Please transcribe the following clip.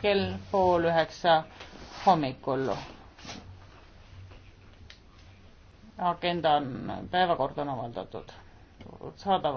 kell pool üheksa hommikul. agenda on, päevakord on avaldatud. saadav